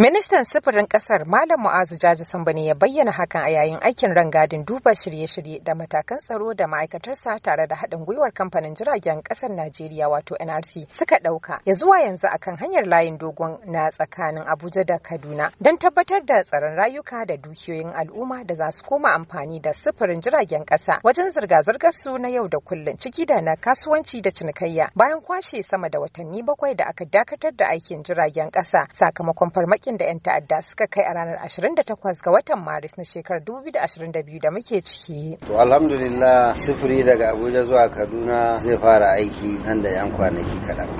Ministan sufurin kasar Malam Mu'azu Jaji Sambani ya bayyana hakan a yayin aikin rangadin duba shirye-shirye da matakan tsaro da ma'aikatarsa tare da haɗin gwiwar kamfanin jiragen ƙasar Najeriya wato NRC suka ɗauka ya zuwa yanzu akan hanyar layin dogon na tsakanin Abuja da Kaduna don tabbatar da tsaron rayuka da dukiyoyin al'umma da za su koma amfani da sufurin jiragen ƙasa wajen zirga-zirgar su na yau da kullum ciki da na kasuwanci da cinikayya bayan kwashe sama da watanni bakwai da aka dakatar da aikin jiragen ƙasa sakamakon farmakin harin da 'yan ta'adda suka kai a ranar 28 ga watan Maris na shekarar 2022 da muke ciki. To alhamdulillah sufuri daga Abuja zuwa Kaduna zai fara aiki nan da 'yan kwanaki kaɗan.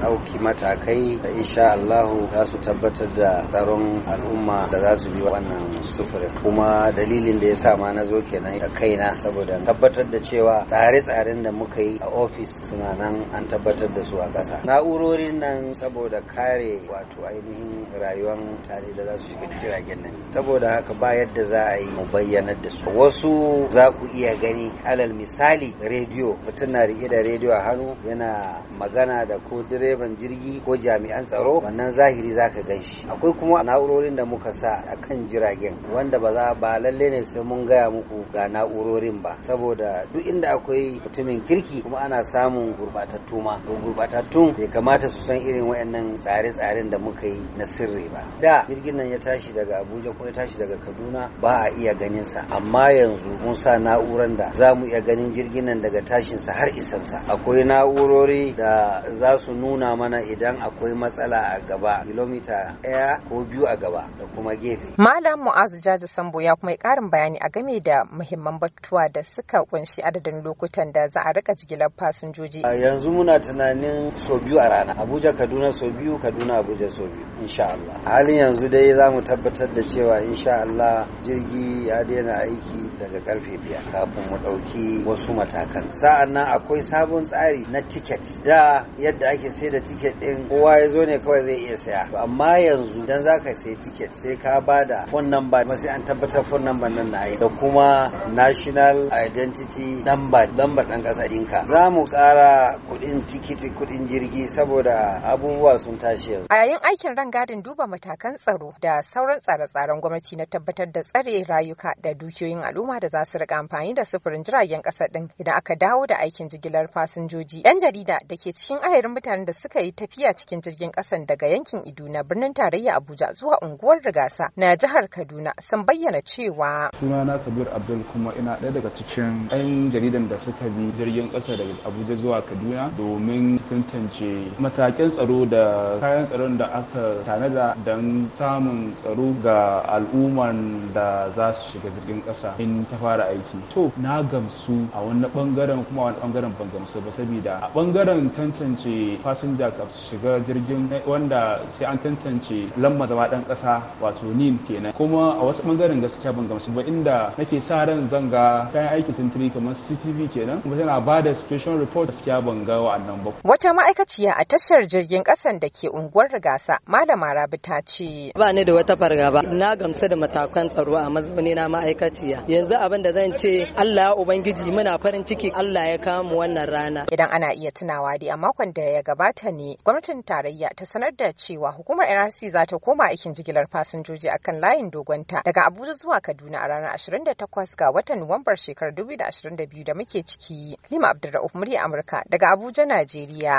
ɗauki matakai da insha Allahu za su tabbatar da tsaron al'umma da za su bi wannan sufurin kuma dalilin da ya sa ma na zo kenan a kaina saboda tabbatar da cewa tsare-tsaren da muka yi a ofis suna nan an tabbatar da su a kasa na'urorin nan saboda kare wato ainihin rayuwar mutane da za su shiga jiragen nan saboda haka ba yadda za a yi mu bayyanar da su wasu za ku iya gani alal misali rediyo mutum na riƙe da rediyo a hannu yana magana da ko dire direban jirgi ko jami'an tsaro wannan zahiri zaka gan shi akwai kuma na'urorin da muka sa a kan jiragen wanda ba za ba lalle ne sai mun gaya muku ga na'urorin ba saboda duk inda akwai mutumin kirki kuma ana samun gurbatattu ma to gurbatattun bai kamata su san irin waɗannan tsare-tsaren da muka yi na sirri ba da jirgin nan ya tashi daga Abuja ko ya tashi daga Kaduna ba a iya ganin sa amma yanzu mun sa na'uran da za mu iya ganin jirgin nan daga sa har isansa akwai na'urori da za su nuna nuna mana idan akwai matsala a gaba kilomita ɗaya ko biyu a gaba da kuma gefe. Malam Mu'azu Jaji Sambo ya kuma yi ƙarin bayani a game da muhimman batuwa da suka kunshi adadin lokutan da za a rika jigilar fasinjoji. Yanzu muna tunanin so biyu a rana Abuja Kaduna so biyu Kaduna Abuja so biyu insha Allah. Halin yanzu dai za mu tabbatar da cewa insha Allah jirgi ya daina aiki daga karfe biyar kafin mu ɗauki wasu matakan sa'an nan akwai sabon tsari na tiket da yadda ake sai da tiket ɗin kowa ya zo ne kawai zai iya saya amma yanzu idan za ka sai tiket sai ka ba da phone number kuma sai an tabbatar phone number nan na da kuma national identity number number ɗan ƙasa ɗinka za mu ƙara kuɗin tikiti kuɗin jirgi saboda abubuwa sun tashi yanzu a yayin aikin rangadin duba matakan tsaro da sauran tsare-tsaren gwamnati na tabbatar da tsare rayuka da dukiyoyin al'umma al'umma da za su rika amfani da sufurin jiragen ƙasa ɗin idan aka dawo da aikin jigilar fasinjoji. Yan jarida da ke cikin ayarin mutanen da suka yi tafiya cikin jirgin ƙasan daga yankin Iduna birnin tarayya Abuja zuwa unguwar Rigasa na jihar Kaduna sun bayyana cewa. Sunana Kabir Abdul kuma ina ɗaya daga cikin 'yan jaridan da suka bi jirgin ƙasa daga Abuja zuwa Kaduna domin tantance matakin tsaro da kayan tsaron da aka tanada don samun tsaro ga al'umman da za su shiga jirgin ƙasa. nan ta fara aiki to na gamsu a wani bangaren kuma wani bangaren ban gamsu ba saboda a bangaren tantance fasinja ka shiga jirgin eh, wanda sai an tantance lamma zama dan kasa wato nin kenan kuma a wasu bangaren gaskiya ban gamsu ba inda nake sa ran zanga kayan aiki sintiri kamar CCTV kenan kuma tana ba da situation report gaskiya ban ga wa'annan ba wata ma'aikaciya a tashar jirgin kasan da ke unguwar rigasa malama rabi ta ce ba ni da wata fargaba na gamsu da matakan tsaro a mazauni na ma'aikaciya yanzu abin da zan ce Allah ubangiji muna farin ciki Allah ya kamu wannan rana idan ana iya tunawa dai a makon da ya gabata ne gwamnatin tarayya ta sanar da cewa hukumar NRC za ta koma aikin jigilar fasinjoji akan layin dogonta daga Abuja zuwa Kaduna a ranar 28 ga watan Nuwambar shekarar 2022 da muke ciki Lima Abdulrahman murya Amurka daga Abuja Najeriya